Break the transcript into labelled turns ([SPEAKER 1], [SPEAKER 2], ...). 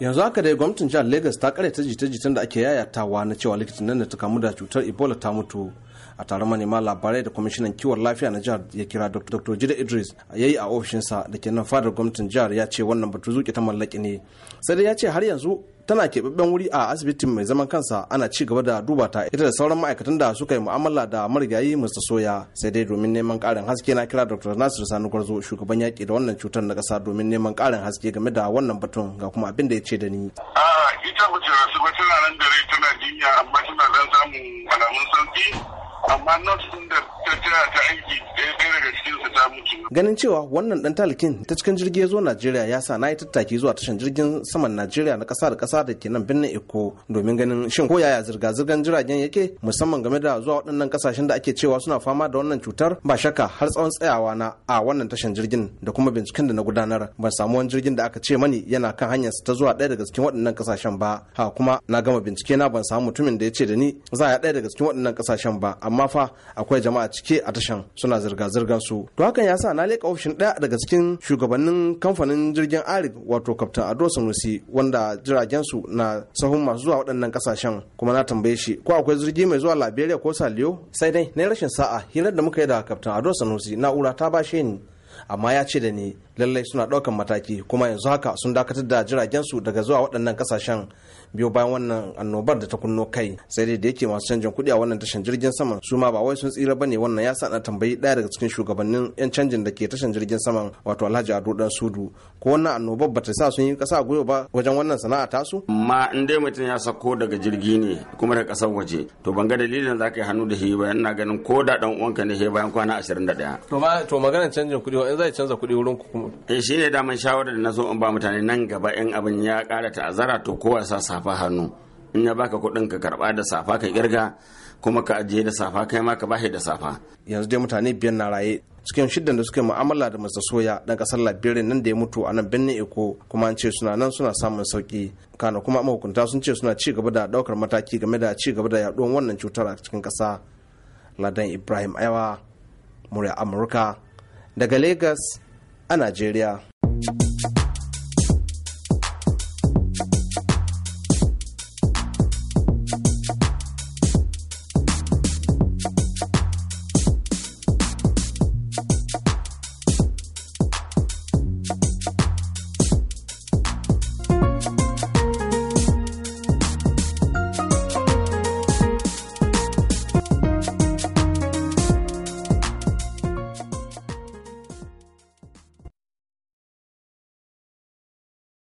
[SPEAKER 1] yanzu haka dai gwamnatin jihar lagos ta karyata jita-jitan da ake yayatawa na cewa likitan nan da ta kamu da cutar ebola ta mutu a taron manema labarai da kwamishinan kiwon lafiya na jihar ya kira dr jida idris ya yi a ofishinsa da ke nan fadar gwamnatin jihar ya ce wannan batu zuke ta mallaki ne sai dai ya ce har yanzu tana keɓaɓɓen wuri a asibitin mai zaman kansa ana ci gaba da duba ta ita da sauran ma'aikatan da suka yi mu'amala da marigayi Mr. Soya sai dai domin neman ƙarin haske na kira Dr. Nasir Sani Gwarzo shugaban yaƙi da wannan cutar na ƙasa domin neman ƙarin haske game da wannan batun ga kuma abin da ya ce da ni.
[SPEAKER 2] ita mace rasu ba tana nan da rai tana jinya
[SPEAKER 1] Ganin cewa wannan dan talakin ta cikin jirgi ya zo Najeriya ya sa na yi tattaki zuwa tashan jirgin saman Najeriya na kasa da kasa da ke nan birnin Eko domin ganin shin ko yaya zirga-zirgar jiragen yake musamman game da zuwa waɗannan kasashen da ake cewa suna fama da wannan cutar ba shakka har tsawon tsayawa na a wannan tashan jirgin da kuma binciken da na gudanar ban samu wani jirgin da aka ce mani yana kan hanyarsa ta zuwa ɗaya daga cikin waɗannan kasashen ba ha kuma na gama bincike na ban samu mutumin da ya ce da ni za a ɗaya daga cikin waɗannan kasashen ba amma fa akwai jama'a cike a tashan suna zirga-zirgar su to haka ya sa na leƙa ofishin ɗaya daga cikin shugabannin kamfanin jirgin arik wato kaftan ado sanusi wanda jiragen su na sahun masu zuwa waɗannan ƙasashen kuma na tambaye shi ko akwai jirgi mai zuwa liberia ko saliyo sai dai na rashin sa'a hirar da muka yi da kaftan ado sanusi na'ura ta bashe ni amma ya ce da ni lallai suna ɗaukan mataki kuma yanzu haka sun dakatar da jiragen su daga zuwa waɗannan ƙasashen biyo bayan wannan annobar da ta kunno kai sai dai da yake masu canjin kuɗi a wannan tashan jirgin saman su ma ba wai sun tsira bane wannan ya sa na tambayi ɗaya daga cikin shugabannin yan canjin da ke tashan jirgin saman wato Alhaji Ado Dan Sudu ko wannan annobar ba ta sa sun yi kasa goyo ba wajen wannan sana'a ta su.
[SPEAKER 2] ma in dai mutum ya sako daga jirgi ne kuma daga ƙasar waje to ban ga dalilin za ka yi hannu da shi ba ina ganin ko da dan uwanka ne bayan kwana 21
[SPEAKER 1] to ma to maganar canjin kuɗi in zai canza kuɗi wurin ku kuma
[SPEAKER 2] eh ne daman shawarar da na so in ba mutane nan gaba in abin ya ƙara ta'azzara to kowa sa safa hannu in ya baka kuɗin ka karɓa da safa ka kirga kuma ka ajiye da safa kai ma ka bashi da safa yanzu dai mutane biyan
[SPEAKER 1] na raye cikin shiddan da suke mu'amala da masa Soya dan kasar Liberia nan da ya mutu a nan birnin Eko kuma an ce suna nan suna samun sauki kana kuma mahukunta sun ce suna ci gaba da ɗaukar mataki game da ci gaba da yaɗuwar wannan cutar a cikin ƙasa. Ladan Ibrahim Aiwa murya Amurka daga Lagos a Najeriya.